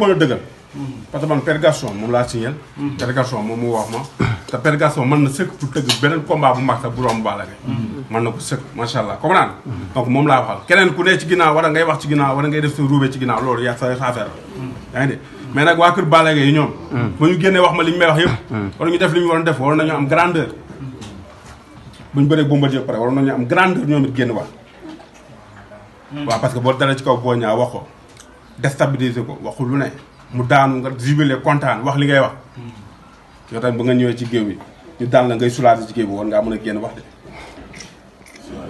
bëgguma la dëggal. parce que man Père Gaston moom laa signal. Mm-hmm. Père moo wax ma. te Père Gaston mën na sëkk pour tëgg beneen combat bu mag sax bu romb Balla Gaye. Mm-hmm. mën na macha allah comme naan. Mm-hmm. donc moom laa waxal keneen ku ne ci ginnaaw wala ngay wax ci ginnaaw wala ngay def sa ruube ci mais nag waa kër Balla Gaye yi ñu génnee wax ma li ñu may wax yëpp. wala ñu def li ñu waroon def waroon nañu am grandeur. bu ñu bëree Bombardier pare waroon nañu am grandeur ñoom it génn wax. waaw parce que boo dalee ci kaw boo ñaa wax ko déstabiliser ko waxu lu ne mu daanu nga jubilé kontaan wax li ngay wax hmm. yow tamit ba nga ñëwee ci géew bi ñu daan la ngay soulager ci géew bi war ngaa génn wax de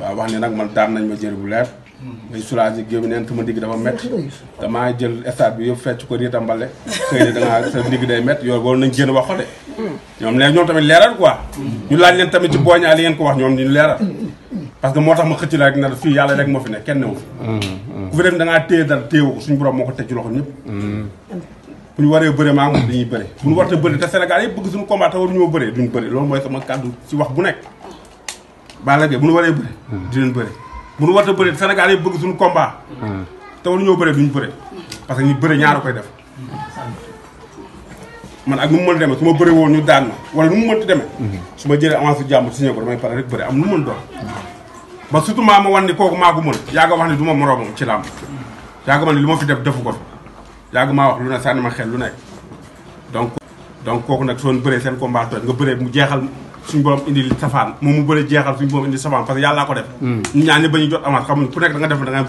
waaw wax ne nag man daan nañ ma jëri bu leer hmm. ngay soulager géew bi neen sama digg dafa métti damaa jël stade bi yëpp fecc ko riita mbale xëy ne dangaa sa digg day métti yow war nañ génn wax ko de hmm. ñoom léegi ñoom tamit leeral quoi ñu laaj leen tamit ci booñaa li ngeen ko wax ñoom ñu leeral parce que moo tax ma xëcc la rek na fii rek moo fi ne kenn newu fi mm-hmm. ku fi dem da ngaa téye dara téyewu ko suñu borom moo ko teg ci loxo ñëpp mm-hmm. bu ñu waree bëre maa moom dañuy bëre bu ñu warta bëre te Sénégal yëpp bëgg suñu combat te waruñoo bëre duñ bëre bu nekk Balla Gaye bu waree bëre mm-hmm. dinañ bu ñu warta bëre te Sénégal yëpp bëgg suñu combat te waruñoo bëre duñ bëre parce que ñu bëre ñaar koy def man ak nu mu mën demee su ma bëre woon ñu daan ma wala nu mu mënti demee su ma jëlee avance jàmm signé ko damay pare rek bëre am nu mu mën doon ba surtout maa ma wan ni kooku maa ko mën yàgg wax ne du ma moroomam ci làmb yàgg lu ma fi def defu ko fi yàgg maa wax lu ne sànni ma xel lu ne donc donc kooku nag soon bëree seen combat toj nga bëree mu jeexal suñu borom indi li safaan moom mu bëree jeexal suñu borom indi safaan parce yàllaa ko def ñu hmm. ñaan ñi ba ñuy jot avance xamuñ ku nekk da nga def da am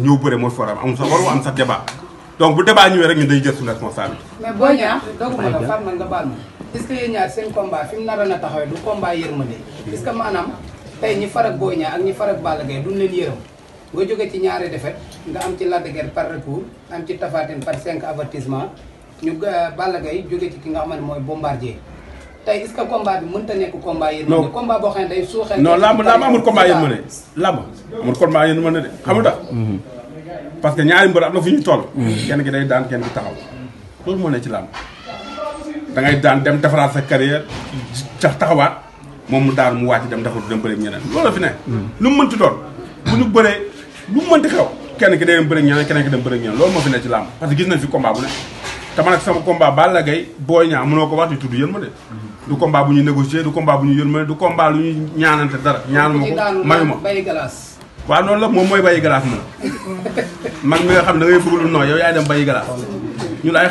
hmm. am sax waru am sax débat donc bu débat ñëwee rek ñun day jël na nga baal ma est ce que yéen ñaar seen combat fi mu naroon taxawee du combat yërmande est que maanaam tey ñi farak Boy Niang ak ñi farak Balla Gaye duñ leen yërëm boo jógee ci ñaari défaite nga am ci Lac de par recours am ci Tapha Tine par cinq avertissement ñu euh, Balla Gaye jógee ci ki nga xam ne mooy bombardier tey est-ce que bi mënta nekk combat yéen. non combat boo xam ne day suuxal. non làmb làmb amul combat yéen mëne. làmb amul combat yéen mëne de xam mm-hmm. parce que ñaari mbër am na fu ñu toll. Mm-hmm. kenn gi day daan kenn gi taxaw loolu moo ne ci làmb da daan dem defaraat sa carrière taxawaat. moom mu daanu mu wàcc dem dafa dem bëri ñeneen loolu la fi ne lu mu mënti doon bu ñu bëree lu mu mënti xew kenn ki day dem bëri ñeneen keneen ki dem bëri ñeneen loolu moo fi ne ci làmb parce que gis nañ fi combat bu ne te man ak sama combat Balla Gaye Boy Niang mënoo ko wax di tudd yërmande du combat bu ñuy négocier du combat bu ñuy yërmande du combat lu ñuy ñaanante dara ñaanu ma ko mayu ma noonu la moom mooy bàyyi galaas moom man mi nga xam ne da ngay bëgg lu nooy yow yaay dem bàyyi galaas ñun ay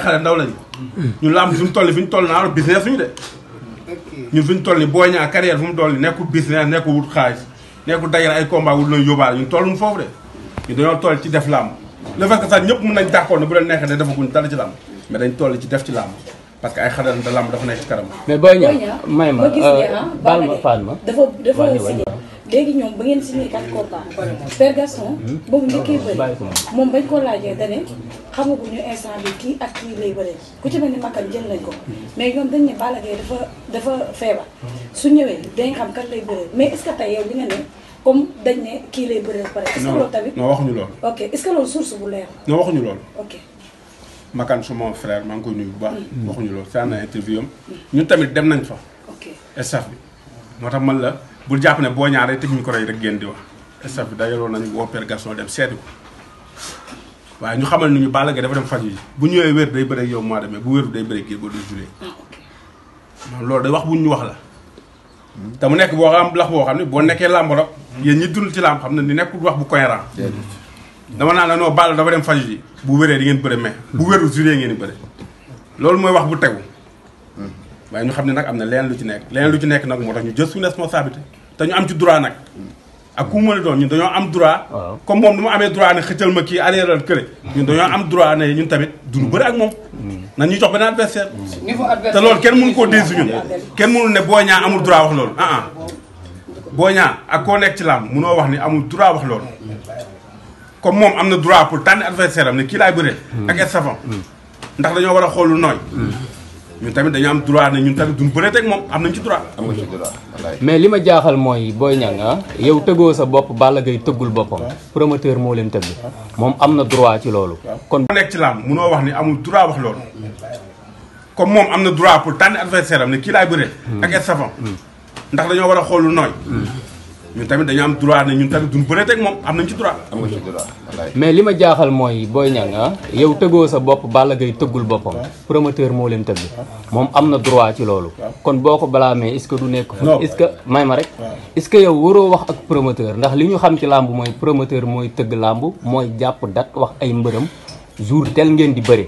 fi ñu toll naa business de ñun fi ñu toll nii boo ñaa carrière fu mu toll nii nekkul business nekkul wut xaalis nekkul dajale ay combat wut lañu yóbbaale ñun tolluñu foofu de ñu dañoo toll ci def làmb le fait sax ñëpp mën nañ d'accord bu leen neexee ne defaguñ dara ci làmb mais dañ toll ci def ci làmb parce que ay xadal da làmb dafa nekk ci kanam mais booy ñaa may ma euh, ah, baal ma léegi ñoom ba ngeen signé ak contrat Père Gaston boobu njëkkee bëri moom bañ ko laajee dane xamaguñu instant bi kii ak kii lay bëree ku ci mel ni makkan jël nañ ko mais ñoom dañ ne Balla dafa dafa feebar su ñëwee dañ xam kan lay bëree mais est que tey yow li comme dañ ne kii lay bëree pare est ce que loolu tamit non waxuñu loolu ok est ce que loolu source bu leer non waxuñu loolu ok Makan su mon frère maa ngi koy nuyu bu baax. Mm. waxuñu mm. ñun tamit dem nañ fa. ok staff bi moo tax man la. bul jàpp ne boo ñaaree tëj micro yi rek génn di wax staff bi dajaloo nañu woo Père Gaston dem seeti ko waaye ñu xamal ni ñu Balla Gaye dafa dem faj yi bu ñëwee wér day bëre yow mois de mai bu wér day bëre Gris Bordeaux juillet ah, loolu day wax bu ñu wax la te nekk boo xam lax boo xam ne boo nekkee làmb yéen ñi dund ci làmb xam ne ni nekkul wax bu cohérent dama naan la non Balla dafa dem faj yi bu wéree di ngeen bëre mai bu wéru juillet ngeen di bëre loolu mooy wax bu tegu waaye ñu xam ne nag am na leen lu ci nekk leneen lu ci nekk nag moo tax ñu jël suñu responsabilité te ñu am ci droit nag ak ku mën a doon ñun dañoo am droit comme moom nu mu amee droit ne xëccal ma kii arrièral kële ñun dañoo am droit ne ñun tamit duñu bëri ak moom mm. nan ñuy jox benn mm. adversaire te loolu kenn mënu koo dési ñun kenn mënul ne Boy Niang amul droit wax loolu ah ah ak koo nekk ci làmb mënoo wax ni amul droit wax comme moom am na droit pour tànn adversaire am ne kii laay bëree mm. ak estafam ndax dañoo war a xool lu nooy ñun tamit dañu am droit ne tamit duñ bëreet ak moom am nañ ci droit. mais li ma jaaxal mooy booy Niang ah yow tëggoo sa bopp Balla Gaye tëggul boppam. promoteur moo leen tëgg. moom am na droit ci loolu. kon nekk ci làmb munoo wax ni amul droit wax loolu. comme moom am na droit pour tànn adversaire am ne kii laay bëree. Hmm. ak estafam. Hmm. ndax dañoo war a xool nooy. Hmm. ñu tamit dañu am droit ne ñun tamit duñ bëree teg moom am nañ ci droit. mais li ma jaaxal mooy booy Niang ah. yow tëggoo sa bopp Balla gay tëggul boppam. promoteur moo leen tëgg. moom am na droit ci loolu. kon boo ko balaamee est-ce que du nekk. fa est-ce que may ma rek. est-ce que yow waroo wax ak promoteur ndax li ñu xam ci làmb mooy promoteur mooy tëgg làmb mooy jàpp date wax ay mbërëm jour tel ngeen di bëri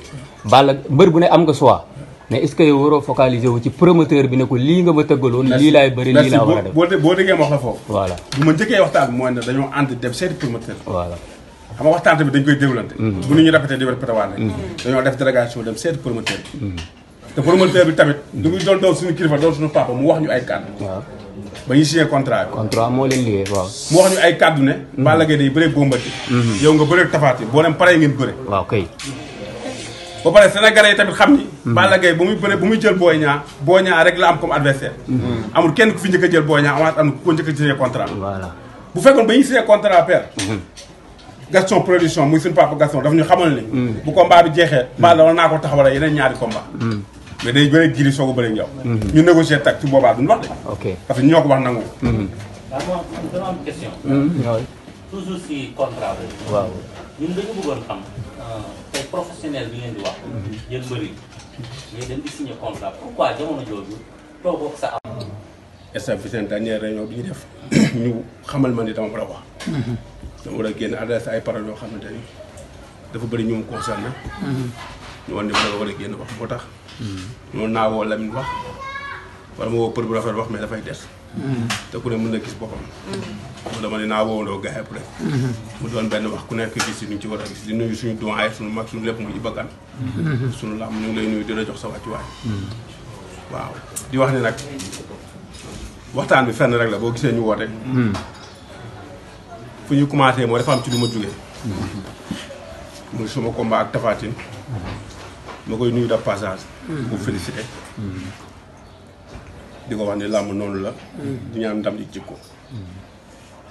Balla mbër bu ne am nga choix. mais est-ce que yow waroo focaliser wu ci promoteur bi ne ko lii nga ma tëggaloon. lii laay bëri lii laa war a def boo boo déggee ma wax la foofu. voilà bu ma njëkkee waxtaan bi mooy ne dañoo ànd dem seeti promoteur. voilà xam nga waxtaan bi dañ koy déwlante. Mm-hmm. bu nu ñu répété di répété waat rek. Mm-hmm. dañoo def délégation dem seeti promoteur bi. Mm-hmm. te promoteur bi tamit. du muy doon doon suñu kilifa doon suñu papa mu wax ñu ay kàddu. waaw ba ñuy signé contrat bi. contrat moo leen lié waaw. mu wax ñu ay kàddu ne. Balla Gaye day bëree Bombardier. yow nga bëree Tapha Tine boo dem pare ngeen bëre. waaw kay ba pare sénégalais yi tamit xam ni. Hmm. Balla Gaye bu muy bëre bu muy jël Boy Niang Boy Niang rek la am comme adversaire hmm. amul kenn ku fi njëkk a jël Boy Niang amaat am ku ko njëkk a signé contrat. voilà bu fekkoon ba ñuy signé contrat père. Hmm. Gaston daf ñu xamal ni. bu combat bi jeexee. Balla war naa ko taxawal yeneen ñaari combat. mais day bëre giri soog a bëre njaw ñu négocier tak ci boobaa duñ wax de. parce que ñoo ko wax nangu. waaw dama am question. ñun dañu bëggoon xam euh, tey professionnel bi ngeen di wax yéen mbëri ngay dem di signé contrat pourquoi jamono jooju toogoo sa am instant bi seen dernière réunion bi ñu def ñu xamal ma ni tam war a wax dama war a génn adressé ay paral yoo xamante ni dafa bëri ñu mu concerné ñu war ne wala war a génn wax moo tax hmm. noonu naa woo Lamine wax wala ma woo për bu rafet wax mais dafay des te ku ne mën na gis boppam. mu dama ne naa woowandoo gars yëpp rek. mu doon benn wax ku nekk gis si ñu ci war a gis di nuyu suñu doyen suñu mag suñu lépp mu ci bëgg suñu làmb ñu ngi lay nuyu di la jox sa ci wàccuwaay. waaw di wax ne nag waxtaan bi fenn rek la boo gisee ñu woote. fu ñu commencé moo dafa am ci lu ma jugee. muy suma combat ak Tapha Tine. koy nuyu de passage. bu félicité. di ko wax ne làmb noonu la. di ñaan ndam di jikko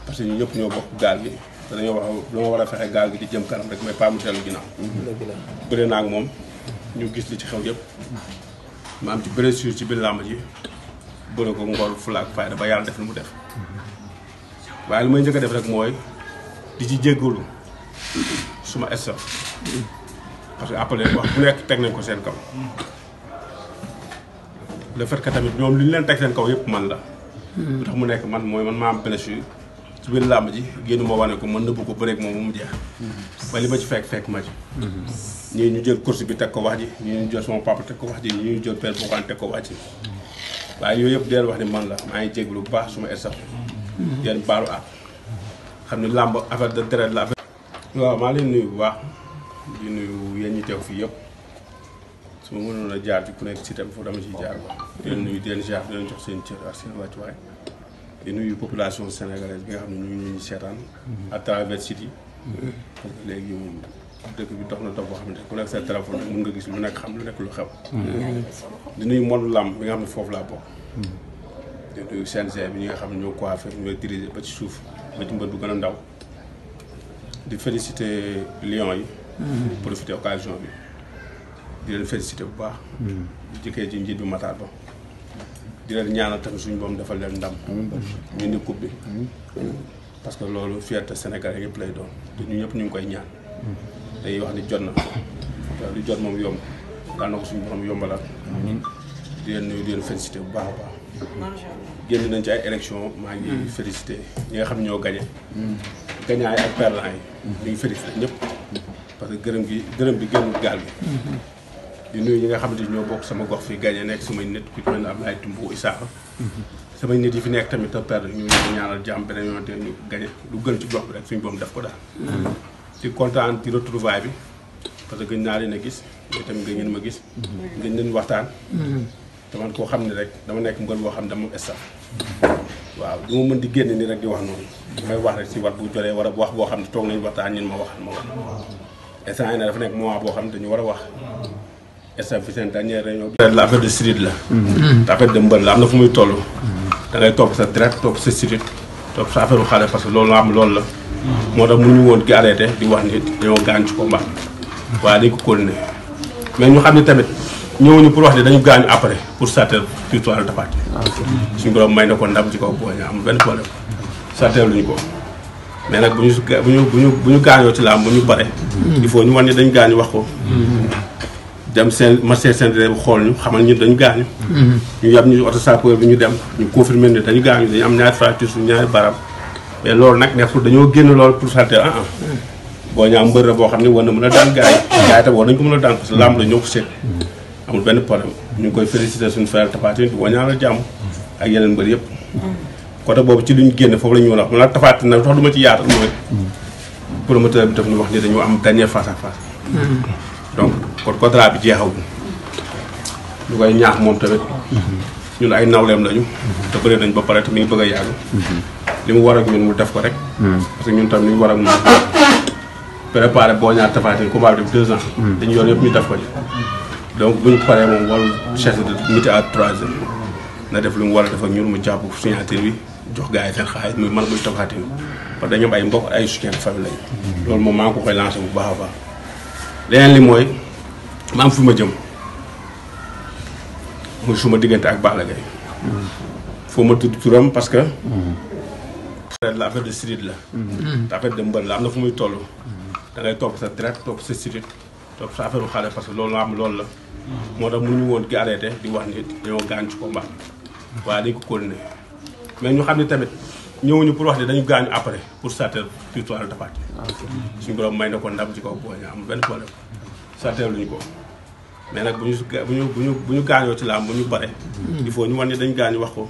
parce que ñu ñëpp ñoo bokk gaal gi te dañoo wax dañoo war a fexe gaal gi di jëm kanam rek mais pas mu teelu ginnaaw. bëre naa ak moom ñu gis li ci xew yëpp. ma am ci blessure ci biir làmb ji bëre ko ngor fulaak fayda ba yàlla def lu mu def waaye li may njëkk def rek mooy di ci jéggalu suma staff parce que après wax bu nekk teg nañ ko seen kaw. le fait que tamit ñoom li ñu leen teg seen kaw yëpp man la. Hmm. lu tax mu nekk man mooy man maa am blessure ci biir làmb ji génn ma wane ko mën na bu ko bëreeg moom mu jeex. Hmm. ba li ma ci fekk fekk ma ci. Hmm. ñii ñu jël course bi teg ko wax ji ñii ñu jël sama papa teg ko wax ji ñii ñu jël père Bokan teg ko wax ji waaye yooyu yëpp deel wax ni man la maa ngi jéglu bu baax suma esax. deel baalu ak xam ne làmb affaire de traite la affaire. waaw maa leen nuyu bu baax di nuyu yéen ñi teew fii yëpp. su ma mënoon a jaar ci ku nekk si tam foofu dama ciy jaar quoi. di leen nuyu di leen jaar di jox seen cër ak seen wàccuwaay di nuyu population sénégalaise bi nga xam ne ñu ngi ñu seetaan. à travers site yi. léegi moom dëkk bi dox na dox boo xam ne ku nekk sa téléphone rek mën nga gis lu nekk xam lu nekk lu xew. di nuyu mon làmb bi nga xam ne foofu laa bokk. di nuyu bi ñi nga xam ne ñoo coiffé ñoo dirigé ba ci suuf ba ci mbër bu gën a ndaw di féliciter Lions yi. Mm-hmm. profiter occasion bi. di leen félicité bu baax. bu hmm. jëkkee ci njiit bi Matar Ba. di leen ñaanal tamit suñu boom defal leen ndam. ñu ni coupe bi. parce que loolu fierté Sénégal yëpp lay doon te ñun ñëpp ñu ngi koy ñaan. Hmm. dañuy wax ni jot na. waaw lu jot moom yomb daan na ko suñu borom yombalal. di di leen félicité bu baax a baax. génn nañ ci ay élection maa ngi hmm. félicité ñi nga xam ñoo gañe gañaay ak perdant yi ñu félicité ñëpp parce que gërëm gi gërëm bi génnul gaal bi di nuyu ñi nga xamante ni ñoo bokk sama gox fi gaañe nekk sumay nit ku ci mel ne Abdoulaye Tumbo Isaaxa samay nit yi fi nekk tamit te perdre ñu ñaanal jàmm beneen yoon te ñu lu gën ci gox bi rek suñu boom daf ko daal ci kontaan ci retrouvaille bi parce que gën naa leen a gis yooyu tamit gën ngeen ma gis gën leen waxtaan dama koo xam ne rek dama nekk mbër boo xam ne dama staff waaw du mën di génn nii rek di wax noonu damay wax rek si war bu jolee war a wax boo xam ne toog nañu waxtaan ñun ma wax ma wax instant yi ne dafa boo xam ne dañu war a wax estaf bi seen dernière réunion bi. la mhm. affaire de sirite la. te de mbër la am na fu muy toll. da ngay topp sa direct topp sa sirite topp sa affaire bu xale parce que loolu am loolu la. moo tax mënuñu woon arrêté di wax ni dañoo gaañ ci combat mais ñu xam ne tamit ñëwuñu pour wax ne dañu gaañu après pour sarteel victoire la Tapha Tine. suñu borom may na ko ndam ci kaw boo ñëwee amul benn problème sarteel luñu ko. mais nag bu ñu bu ñu bu ñu gaañoo ci làmb bu ñu bare. Mhm. il faut ñu wan ne dañu gaañu wax ko. Mhm. dem seen marché centre bu xool ñu xamal ñun dañu gaañu. Mm-hmm. ñu yab ñu oto sapeur bi ñu dem ñu confirmer ne dañu gaañu dañu am ñaari fracture suñu ñaari baram mais loolu nag nekkul dañoo génn loolu pour santé ah ah. Mm-hmm. boo ñaaw boo xam ne war na mën a daan gars yi. Mm-hmm. gars yi tam war ko mën a daan parce que ñu ngi koy féliciter suñu frère Tapha Tine boo ñaaw la yëpp. côté boobu ci luñ génn foofu la ñu mën la Tapha Tine nag tax du ma ci yaatal mooy. promoteur bi ñu wax ni dañoo am dernier face à face. kon contrat bi jeexagul ñu koy ñaax moom tamit mhm. ñun ay nawleem lañu mhm. te bëri nañ ba pare te mi ngi bëgg a yàgg mhm. li mu war ak ñun mu def ko rek parce que ñun tamit li ñu war ak moom préparé boo ñaar tafatin combat bi def deux ans dañu yoon yëpp ñu def ko ci donc buñ paree moom warul cherche de midi à trois heures na def lu mu war a def ak ñun mu jàpp signature bi jox gars yi seen xaalis muy man muy tafatin parce que dañu am ay mbokk ay soutien de famille lañu bu baax a baax ma am fu ma jëm muy suma diggante ak Balla Gaye foo ma tudd turam parce que la affaire de street la te mm-hmm. affaire de mbër am na fu muy toll da ngay sa deret topp sa street topp sa affaire u parce que loolu am loolu la mm-hmm. moo tax mënuñu woon di arrêté di wax ni mais ñu xam ne tamit ñëwuñu pour wax ne dañu gaañu pour sarteel victoire Tapha Tine ah, suñu borom may na ko ñu am ko mais nag bu ñu bu ñu bu ñu bu ñu gaañoo ci làmb bu ñu bare. il faut ñu wan ne dañu gaañu wax ko.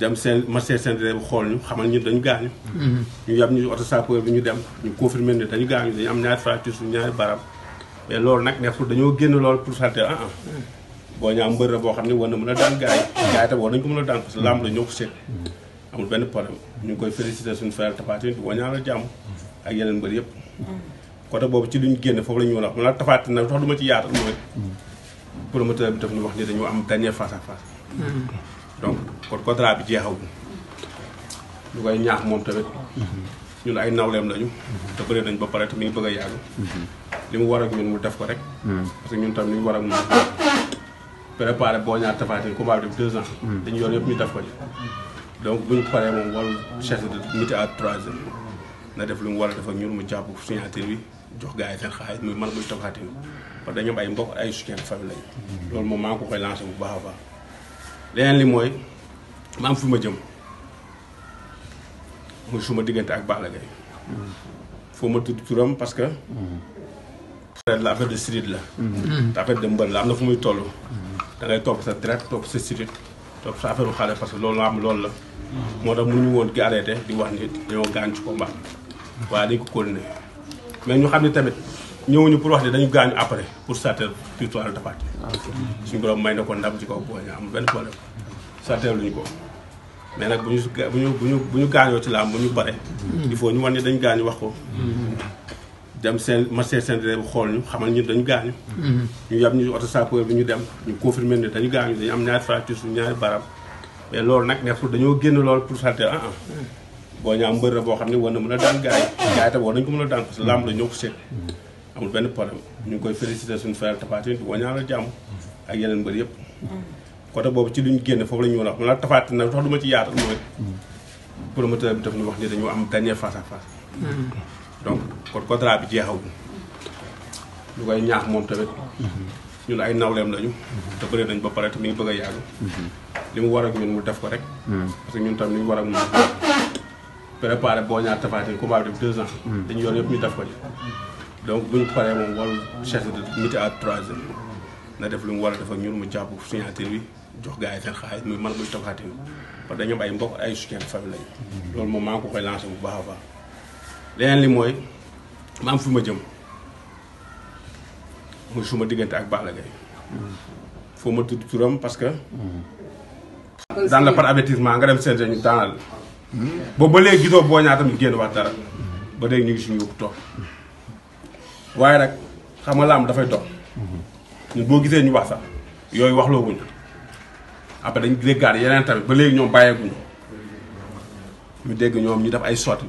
dem seen marché seen bu xool ñu xamal ñu dañu gaañu. Mm-hmm. ñu yab ñu oto sapeur bu ñu dem ñu confirmer ne dañu gaañu dañu am ñaari fracture suñu ñaari baram. mais loolu nag nekkul dañoo génn loolu pour santé ah ah. Mm-hmm. boo ñaa mbër la boo xam ne war na mën a daan gars yi. gars yi tam war nañu ko mën a daan parce que làmb la ñoo ko seet. Mm-hmm. amul benn problème ñu ngi koy féliciter suñu frère Tapha Tine jàmm ak yeneen mbër yëpp. côté boobu ci ñu génn foofu la ñu mën a wax man nag tafaati nag tax du ma ci yaatal mooy promoteur bi daf ñu wax ni am dernier face à face hmm. donc kon contrat bi jeexawul lu koy ñaax moom tamit ñun ay nawleem lañu hmm. te bëri nañ ba pare te mi ngi bëgg a yàgg hmm. li mu war ak ñun mu def ko rek parce que ñun tam li ñu war ak moom préparé boo ñaar tafaati combat bi def deux ans dañu yor yëpp ñu def ko ci donc bu ñu paree moom warul chercher de midi à trois heures na def lu mu war a def ak ñun mu jàpp signature bi jox gars yi seen xaalis muy man muy Tapha Tine parce que dañoo ay mbokk ay soutien famille lañu. loolu moom maa ngi ko koy lancé bu baax a baax. li mooy ma am fu ma jëm muy suma diggante ak Balla Gaye foo ma tudd turam parce que. frère la affaire la. te affaire muy toll. da ngay topp sa direct topp que loolu la am loolu la. moo tax mënuñu woon ki di wax nit dañoo gaañ ci combat waaye dañ ko continuer. mais ñu xam ne tamit ñëwuñu pour wax ne dañu gaañu après pour sarteel victoire Tapha Tine ah, suñu borom may na ko ndam ci kaw Boy ko mais nag bu ñu bu ñu bu ñu bu ñu gaañoo ci làmb bu ñu bare mm-hmm. il faut ñu wan ne dañu gaañu wax ko mm-hmm. dem seen marché seen bu xool ñu xamal ñun dañu gaañu mm-hmm. ñu yab ñu oto sapeur bu ñu dem ñu confirmer ne dañu gaañu dañu am ñaari fracture suñu ñaari baram mais loolu nag nekkul dañoo génn loolu pour sarteel ah, ah. boo ñaa mbër la boo xam ne war na mën a daan gars yi gars yi tam war nañu ko mën a daan parce que làmb la ñoo ko seet amul benn problème ñu ngi koy félicité suñu frère Tapha Tine boo ñaa la jàmm ak yeneen mbër yëpp côté boobu ci luñ génn foofu la ñu mën a wax mën a Tapha Tine nag tax du ma ci yaatal mooy promoteur bi daf ñu wax ni dañoo am dernier face à face donc kon contrat bi jeexagul ñu koy ñaax moom tamit ñun ay nawleem lañu te bëri nañ ba pare te mi ngi bëgg a yàgg mm-hmm. li mu war ak ñun mu def ko rek mm-hmm. parce que ñun tam li ñu war ak moom préparé boo ñaar tafaatin combat bi def deux ans. Mm. dañu yoon yëpp ñu def ko ci. donc bu paree moom warul chercher de midi à trois heures na def lu mu war a def ak ñun mu jàpp signature bi jox gars yi seen xaalis muy man muy tafaatin parce que dañoo am ay mbokk ay soutien de famille lañu. moom ko koy lancé baax a baax. leneen li mooy ma am fu ma jëm muy suma diggante ak Balla Gaye foo ma tudd turam parce que. Mm. dans le par avertissement nga dem CNG ñu daanal. boobu ba léegi gisoo boo ñaa tamit génn wax dara ba léegi ñu ngi suñu yóbbu toog nag xam nga laam dafay dox boo gisee ñu wax sax yooyu wax loo wuñ après dañu déggaat yeneen tamit ba léegi ñoom bàyyeekuñu ñu dégg ñoom ñu def ay sotti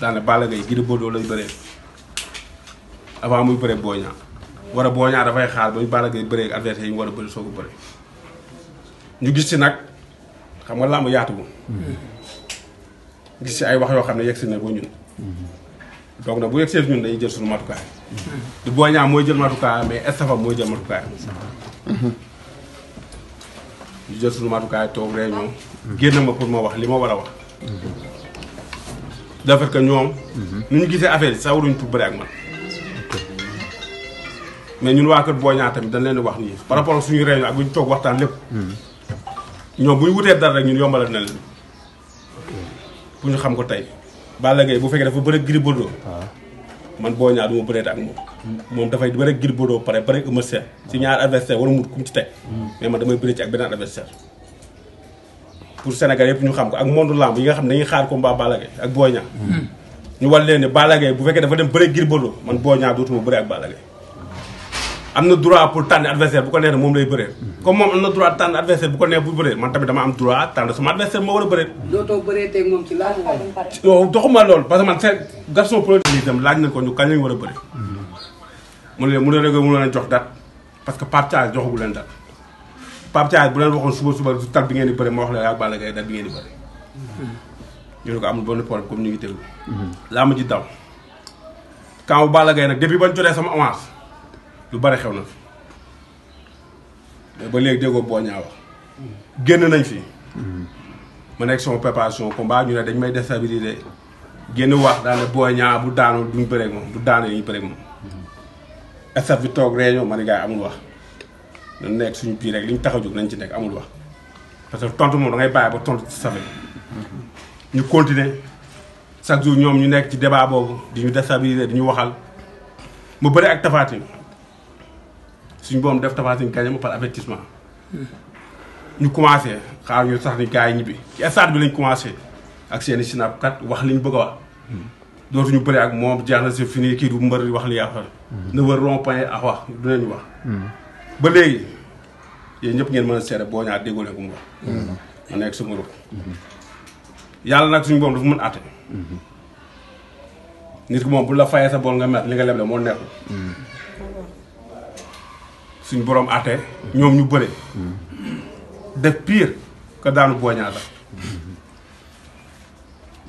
daanaka Balla Gaye Gris Bordeaux lay bëree avant muy bëree Boy Niang war a Boy Niang dafay xaar ba Balla Gaye bëree adversaire yi mu war a bëri soo ko bëree ñu gis ci nag xam nga làmb yaatu moom gis si ay wax yoo xam ne yegg si na ba ñun donc nag bu yegg see ñun dañuy jël suñu matukaay du boo ñaa mooy jël matukaay mais estafa mooy jël matukaay ñu jël suñu matukaay toog réunion génn ma pour ma wax li ma war a wax dafa que ñoom nu ñu gisee affaire yi sax waruñu tub bëri ak man mais ñun waa kër booñaa tamit dañ leen wax nii par rapport suñu réunion ak bu ñu waxtaan lépp ñoom bu ñu wutee dara rek ñun yombalal na leen pour ñu xam ko tey Balla Gaye bu fekkee dafa bëre Gris Bordeaux ah. man Boy Niang du ma bëreet ak moom moom dafay bëre Gris Bordeaux pare bëre Eumeu Sène si ñaar adversaire wala mu kum ci teg hmm. mais man damay bëre ci ak beneen adversaire pour Sénégal yëpp ñu xam ko ak moom lamb yi nga xam ne dañuy xaar combat Balla Gaye ak Boy hmm. ñu war leen ne Balla bu fekkee dafa dem bëre Gris Bordeaux man Boy Niang dootuma bëre ak Balla am na droit pour tànn adversaire bu ko neex moom lay bëree. comme moom am na droit tànn adversaire bu ko neex bu bëree man tamit dama am droit tànn sama adversaire moo war a bëree. dootoo bëree parce que man seen garçon produit yi itam war a bëree. mu ne mu ne rek mu leen jox date parce que Pape Thialis joxagu bu leen waxoon suba suba du tal ngeen di bëree ma wax la yaa ak Balla Gaye date bi ngeen bëree. ñu ne ko amul benn problème comme ñu ngi laa ma ci daw. quand a Gaye nag depuis bañ jotee sama avance lu bari xew na fi ba léegi déggoo boo ñaa wax génn nañ fi. ma nekk sama préparation combat ñu ne dañ may déstabiliser génn wax daal ne boo ñaa bu daanoo duñ bëreeg moom bu daanoo ñu bëreeg moom. staff bi toog réunion ma ni gaa yi amul wax dañ nekk suñu biir rek li ñu tax jóg nañ ci nekk amul wax parce que tontu moom da ngay bàyyi ba tontu ci safe ñu continuer chaque jour ñoom ñu nekk ci débat boobu di ñu déstabiliser di ñu waxal mu bëri ak Tapha suñu boom def Tapha Tine gagné par avertissement ñu commencé xaar ñu sax ni gars yi ñibbi ci stade bi lañ commencé ak seen i sinapkat wax li ñu bëgg a wax dootuñu bëri ak moom jeex na c'est fini kii du mbër wax li yàqal na wër rond point ak wax ba léegi yéen ñëpp ngeen mën a seere boo ñaar déggoo leen ko wax ma nekk sama rëb yàlla nag suñu boom dafa mën àtte nit ki moom bu la fayee sa bool nga met li nga leble moo nekkul suñ boroom àtte ñoom ñu bëre def pire que daanu booñaa la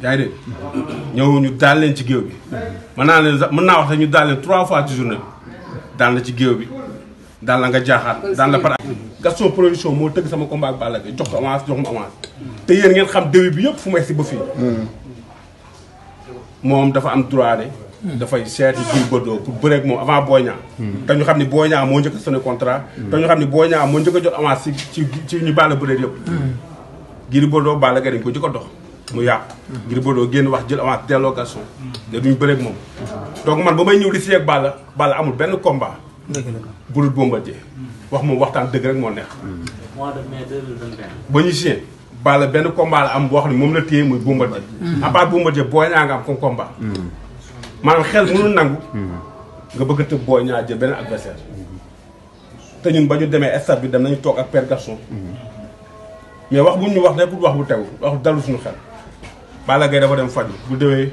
yaa ngi dégg ñëw ñu daal leen ci géew bi mën naa leen mën naa wax te ñu daal leen trois fois ci journée bi la ci géew bi daal la nga jaaxaat daan la par Gaston production moo tëgg sama combat ak Balla Gaye jox ko jox ma avance te yéen ngeen xam début bi yëpp fu may si ba fii mm. moom dafa am droit de dafay seeti Gris Bordeaux pour bëreeg moom avant Boy Niang hmm. te ñu xam ne Boy Niang moo njëkk a sonné contrat hmm. te xam ne Boy Niang moo njëkk a jot avance ci ci ci ñu Balla bëree yëpp hmm. Gris Bordeaux Balla Gaye dañ ko jëkk a dox mu yàqu Gris Bordeaux génn wax jël avance delloo Gaston ne duñ bëreeg moom donc man ba may ñëw di si yeeg Balla Balla amul benn combat burul Bombardier wax moom waxtaan dëgg rek moo neex mois de mai 2021 ba ñu sien Balla benn combat la am boo xam ne moom la téye muy Bombardier à part Bombardier Boy Niang nga am comme maanaam xel mënul nangu. nga bëgg a tëb booy ñaar jël beneen adversaire. te ñun ba ñu demee stade bi dem nañu toog ak père garçon. mais wax bu ñu wax nekkul wax bu tew wax dalu suñu xel. Balla Gaye dafa dem faju bu déwee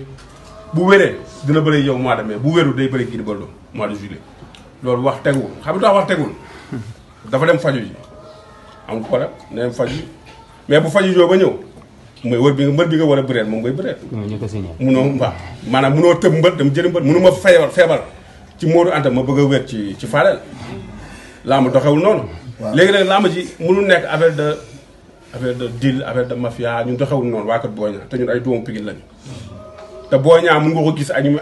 bu wéree dina bëri yow mois de bu wéru day bëri Gris Bordeaux mois de juillet. loolu wax teguwul xam nga wax teguwul dafa dem faju ji am problème ne dem faju mais bu faju joo ba ñëw. mooy wër bi nga mbër bi nga war a bëreel moom ngay bëreel. ñu ko signé. munoo waaw maanaam munoo tëb mbër dem jëli mbër munuma feebar feebar ci Modou Anta ma bëgg a wér ci ci Fadel. làmb doxewul noonu. léegi nag làmb ji nekk affaire de affaire de deal affaire de mafia ñun doxewul noonu waa kat Boy Niang te ñun ay doomu Pikine lañu. te Boy Niang mun nga ko gis ak ñu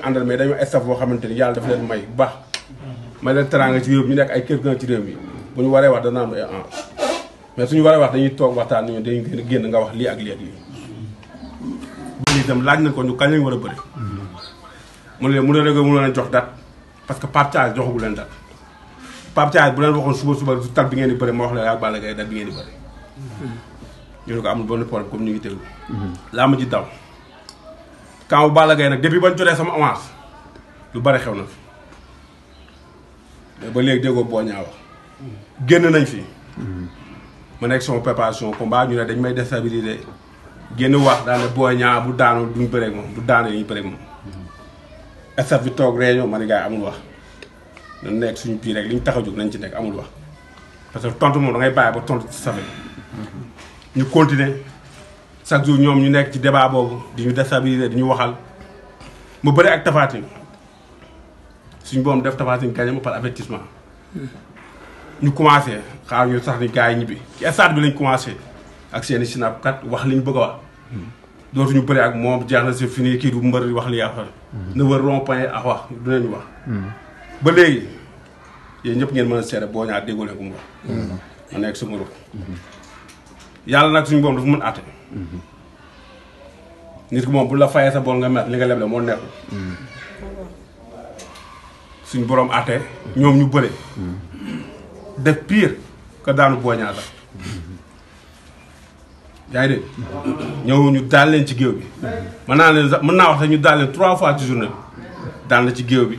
boo xamante ni yàlla daf leen may bu baax. may leen teraanga ci réew nekk ay kër gan ci réew mi bu ñu waree wax dana am mais suñu waree wax dañuy toog waxtaan ñu dañuy génn nga wax lii ak lii ak itam laaj na ko ñu kañ lañ war a bëri. mu ne leen mu ne rek mu leen jox date parce que Pape Thialis joxagu leen date Pape Thialis bu leen waxoon suba suba du bi ngeen di bëri ma wax la yaa Balla Gaye date bi ngeen di bëri. ñu ne ko amul comme ñu ngi tegu. laa ma ji daw. quand bu ba ñu sama avance lu bari xew na fi mais ba léegi déggoo boo génn nañ fi. Mm-hmm. ma nekk sama préparation combat ñu ne dañ may déstabiliser. génn wax daal ne booy ñaa bu daanoo duñ bëre ak moom bu daanoo duñ bëre ak moom. Mhm. staff bi toog réunion ma ne gars amul wax dañ nekk suñu biir rek li ñu tax jóg nañ ci nekk amul wax parce que tontu moom da ngay bàyyi ba tontu ci safe mhm. ñu continuer chaque jour ñoom ñu nekk ci débat boobu di ñu déstabiliser di ñu waxal mu bëri ak Tapha Tine suñu boom def Tapha Tine gagné ma par mhm. ñu commencé xaar ñu sax ni gars yi ñibbi ci stade bi lañ commencé. ak seen i kat wax li bëgg a wax. dootuñu bëri ak moom jeex na si fini kii du mbër wax li yàqal. Hmm. na wër rond point ak wax dinañ wax. Hmm. ba léegi yéen ñëpp ngeen mën a seere boo ñaar déggoo leen wax. Hmm. ma nekk sama ruq. yàlla nag suñu borom dafa mën la fayee sa bool nga li nga leble moo nekkul. suñu borom àtte ñoom ñu bëre. def pire que daanu boo ñaar yaa ngi dégg ñëw ñu daal leen ci géew bi mën naa leen mën naa wax ne ñu daal leen trois fois ci journée bi daal la ci géew bi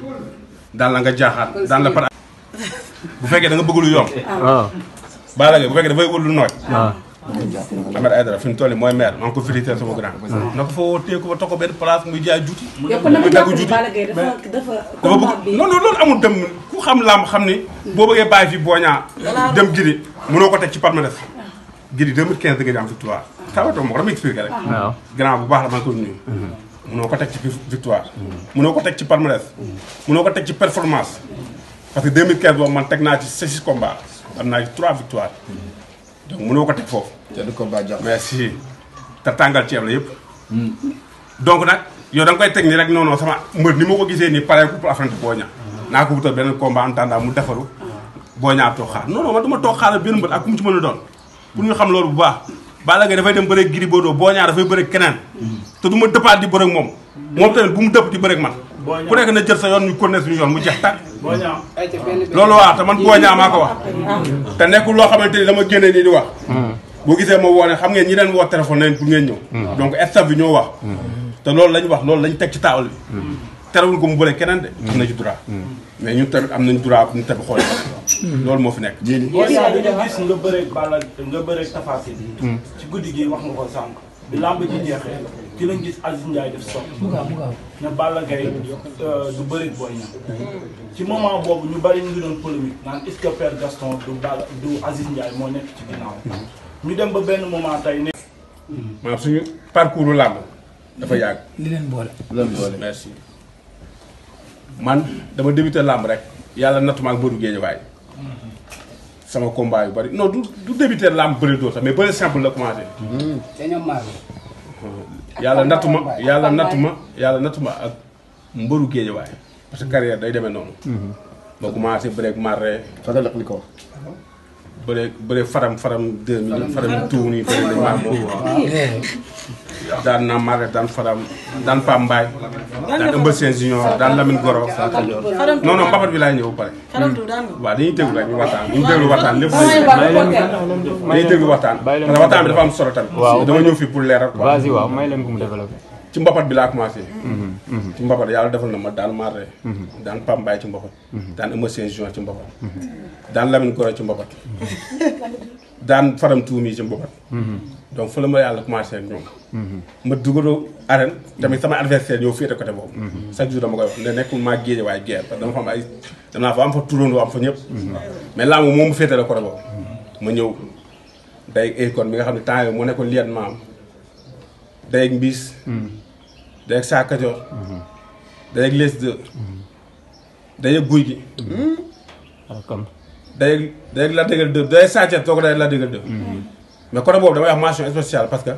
daal la nga jaaxaan daal la par bu fekkee da nga bëgg lu yomb. waaw ah. Balla Gaye bu fekkee dafay wut lu nooy. waaw. Ah. fi mu toll nii mooy maire maa ngi ko firiteel sama grand. Ah. foo téye ko ba ko benn place muy jaay juuti. muy dagg juuti dafa dafa. bëgg amul dem ku xam làmb xam ni. boo bëggee bàyyi fi booñaa dem giri mënoo ko teg ci def jëli 2015 nga am victoire. tawatoo ma ko dama expliqué rek. Ah. waaw bu baax la maa koy nuyu. mënoo mm-hmm. ko teg ci victoire. mënoo mm-hmm. ko teg ci palmarès. mënoo mm-hmm. ko teg ci performance. parce que 2015 boobu man teg naa ci 6 combats am naa ci 3 victoire donc ko teg foofu. te du combat jàpp merci te tàngal ceeb la yëpp. Mm. donc nag yow da koy teg nii rek non non sama mbër ni ma ko gisee nii pare ko pour affronter Boy Niang. naa ko wutal benn combat en attendant mu defaru Boy Niang toog xaar non non man du ma toog xaaral doon. pour ñu xam loolu bu baax Balla nga dafay dem bëreeg Gris Bordeaux Boy Niang dafay bëreeg keneen te du ma dëppaat di bëreeg moom moom tamit bu mu dëpp di bëreeg man ku nekk na jël sa yoon ñu connaît suñu yoon mu jeex tàkk loolu waaw te man Boy Niang ko wax te nekkul loo xamante ni dama génnee nii di wax boo gisee ma woo xam ngeen ñi leen woo téléphone leen pour ngeen ñëw donc staff bi ñoo wax te loolu lañ wax loolu lañ teg ci taabal bi terewul ko mu bëreeg keneen de na ci droit mais ñun tamit am nañ droit ñu tamit xool loolu moo fi nekk. jërëjëf yéen nga bëreeg Balla nga bëreeg Tapha Tine. Hmm. ci guddi gi wax nga ko sànq. bi làmb ji jeexee ci lañ gis Aziz Ndiaye def sox. ne Balla Gaye euh, du bëreeg Boy Niang. ci moment boobu ñu bari ñu ngi doon polémique naan est-ce que Gaston du Balla du moo nekk ci ginnaaw. ñu dem ba benn moment tey ne. Hmm. maanaam parcour parcours làmb dafa yàgg. li leen boole. merci. man dama débuté làmb rek yàlla natuma ak mbëru Géejawaay sama combat yu bari non du du débuté làmb bëri doo sax mais bëri simple la yàlla natuma yàlla natuma yàlla natuma ak mbëru Géejawaay parce que carrière day demee noonu. Mhm. ba commencé break marre. fa nga li ko. bëre bëre faram faram deux mille faram tuuni bëre waaw daan na Maguette daan faram daan Pam Mbaye. daan Eumeu Sène Junior daan Lamine Goro. non non mbapat bi laay ñëw ba pare. Hmm. waaw dañuy déglu rek ñu waxtaan ñu déglu wataan lépp. dañuy déglu waxtaan. parce que wataan bi dafa am solo tamit. dama ñëw fi pour leer quoi. vas-y waaw leen ko mu développé. ci mbapat bi laa ci mbapat yàlla defal na ma daan Marley daan Pambaay ci mbapat daan Eumeu Sène ci mbapat daan Lamine Goro ci mbapat daan Faram Tuumi ci mbapat donc fa la ma yàlla commencé ak ñoom ma dugaloo arène tamit sama adversaire ñëw féete côté boobu chaque jour dama koy wax ne nekkul maa géeje waaye guerre parce que dama fa am ay danaa fa am fa turandoo am fa ñëpp mais laa moom mu féete ko côté boobu ma ñëw day école mi nga xam ne temps yooyu mu nekkoon liet dajeeg saa kajoor dajeeg les deux dajeeg guy gi ah, dajeeg dajeeg la dëggal deux dajeeg saa ceeb too ko dajeeg la dëggal deux mais côté boobu damay wax mention spéciale parce que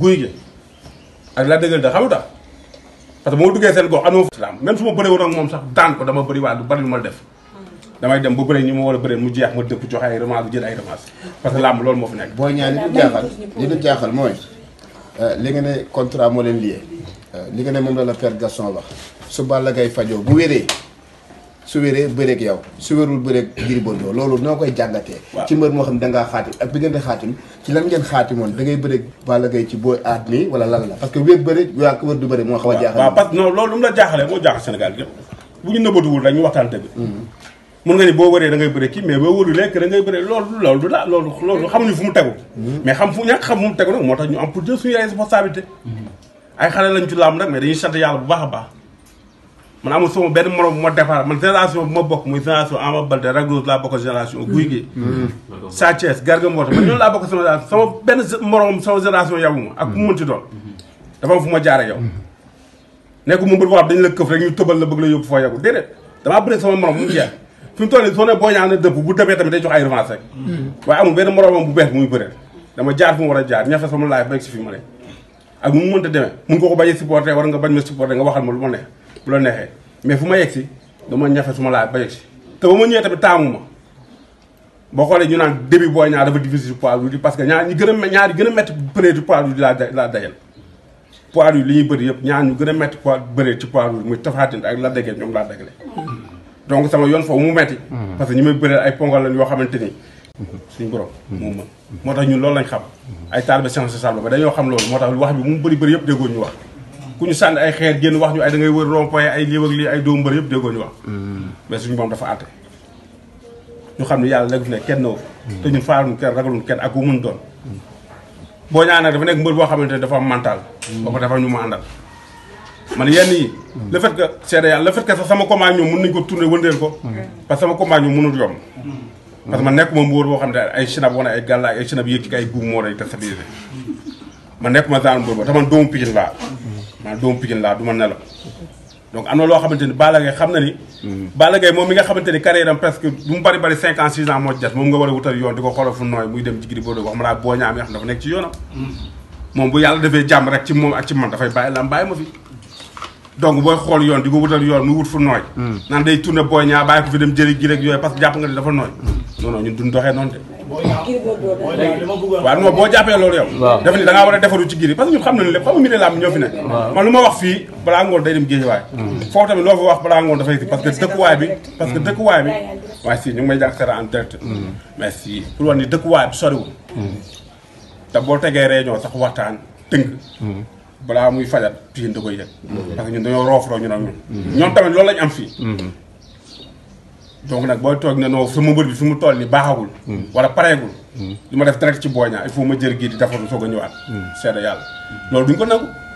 guy gi ak la dëggal deux xam nga parce que moo duggee seen gox anoo fa même su ma bëree woon moom sax daan ko dama bëri lu bari lu ma def damay dem ba bëri ñu ma war a bëri mu jeex ma dëpp joxe ay revanche jël ay revanche parce que làmb loolu moo fi nekk boo ñaan li du jaaxal li du jaaxal mooy Euh, li nga ne contrat moo leen lié euh, li nga ne moom la la père Gaston wax su Balla gay fajoo bu wéree su wéree bëreeg yow su wérul bëreeg Gris Bordeaux loolu noo koy jàngatee ci mbër moo xam ne dangaa xaatim ak bi ngeen di xaatim ci lan ngeen xaatimoon da ngay bëreeg Balla Gaye ci booy aat nii wala lan la parce que wér bëri waa ko wér du bëri moo xaw a jaaxal waaw parce que non loolu lu mu la moo jaaxal Sénégal yëpp bu ñu nëbbatuwul rek ñu waxtaan dëgg mm-hmm. mun nga ni boo waree da ngay bëre kii mais boo wëru lekk da ngay bëre loolu loolu du la loolu loolu xamuñu fu mu tegu mm-hmm. mais xam fu xam fu mu tegu nag moo tax ñu am pour jël suñu responsabilité mm-hmm. ay xale lañ ci làmb nag mais dañuy sant yàlla bu baax a baax man sama benn morom ma defar man génération bu ma bokk muy génération Ama Baldé Raglos laa bokk génération Gouye Gui mm-hmm. Sa Thiès Garga Mbossé man ñoonu sama benn morom sama génération yabuma ak ku mënti doon dafa am fu ma jaare yow nekku mu mbër boo xam dañu la këf rek ñu tëbal la bëgg la yóbbu foo yegu déedéet damaa bëre sama morom mu jeex fi mu toll boo ñaa na dëpp bu dëppee tamit day jox ay revanche rek mm. waaye amul benn moroomam bu bees muy bëreel dama jaar fu mu war a jaar ñafe sama laaj beg si fi ma ne ak mu mënta deme mun nga ko bañ a war nga bañ ma supporté nga waxal ma lu ma neex bu la neexee mais fu ma yegg si dama ñafe suma laaj ba yegg si te ba ma ñëwee tamit taamu ma boo xoolee ñu naan début booy ñaar dafa difficile poids lourd ñaar gën a ñaar yi gën a métti ci poids lourd laa laa dajal yëpp ñaar ñu gën a métti bëree ci poids muy Tapha Tine ak Lac de Guiers ñoom laa donc sama yoon foofu mu metti hmm. parce que ñi may bëreel ay pongal lañ yoo xamante ni hmm. suñu borom hmm. moo mën moo tax ñun loolu lañ xam ay taalibe Cheikh Sall ba dañoo xam loolu moo tax wax bi mu bëri bëri yëpp déggoo ñu wax ku ñu sànni ay xeer génn wax ñu ay da ngay wër rond-point ay lii ak lii ay dóomu bëri yëpp déggoo ñu wax mais suñu boom dafa àtte ñu xam ne yàlla léegi ne kenn naw te ñun faaruñu kenn ragaluñu kenn ak bu mun doon boo ñaa nag dafa nekk mbër boo xamante ne dafa am mental boo ko dafa ñu ma àndal man yenn yi le fait que seede yàlla le fait que sax sama combat ñoom mën nañ ko tourner wëndeel ko parce que sama combat ñoom mënul yomb hmm. parce que man nekk ma mbóor boo xam ne ay sinab wala ay gàllaay ay sinab yëg ci ay guub ma genre mbóor boo te man doomu Pikine laa hmm. man doomu Pikine laa du xam na ni hmm. Balla Gaye mu nga war a wutal yoon di ko xoolal fu nooy muy dem ci giri wax ma laa boo ñaam yoo xam dafa nekk ci yoonam moom bu yàlla defee jàmm rek ci moom ak ci man dafay bàyyi lam bàyyi ma fi donc booy xool yoon di ko wutal yoon mu wut fu nooy hmm. naan day tourné booy ñaa bàyyi ko fi dem jëri gi yooyu parce jàpp nga ne dafa nooy hmm. non ñun duñ doxee noonu de boo jàppee loolu yow dafa ni war a defaru ci giri parce que ñun xam nañu lépp xam nga milieu làmb ñoo wax fii balaa ngoon day dem géejuwaay hmm. foofu tamit loo fi wax balaa ngoon dafay si parce que dëkkuwaay bi parce que dëkkuwaay bi waaye si ñu ngi may jàng sera en te boo tegee réunion sax waxtaan tënk balaa muy fajar piscine da koy yëg. parce que ñun dañoo roofloo ñu na ñun. ñoom tamit loolu lañ am fii. donc nag booy toog ne non sama mbër bi fi mu toll ni baaxagul. wala pareegul. li mm. ma def direct ci booñaa il faut ma jër gii di defaru soog ñëw ñëwaat. Mm. seede yàlla loolu duñ ko nangu.